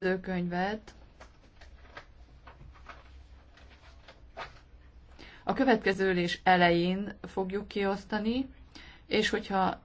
jegyzőkönyvet. A következő ülés elején fogjuk kiosztani, és hogyha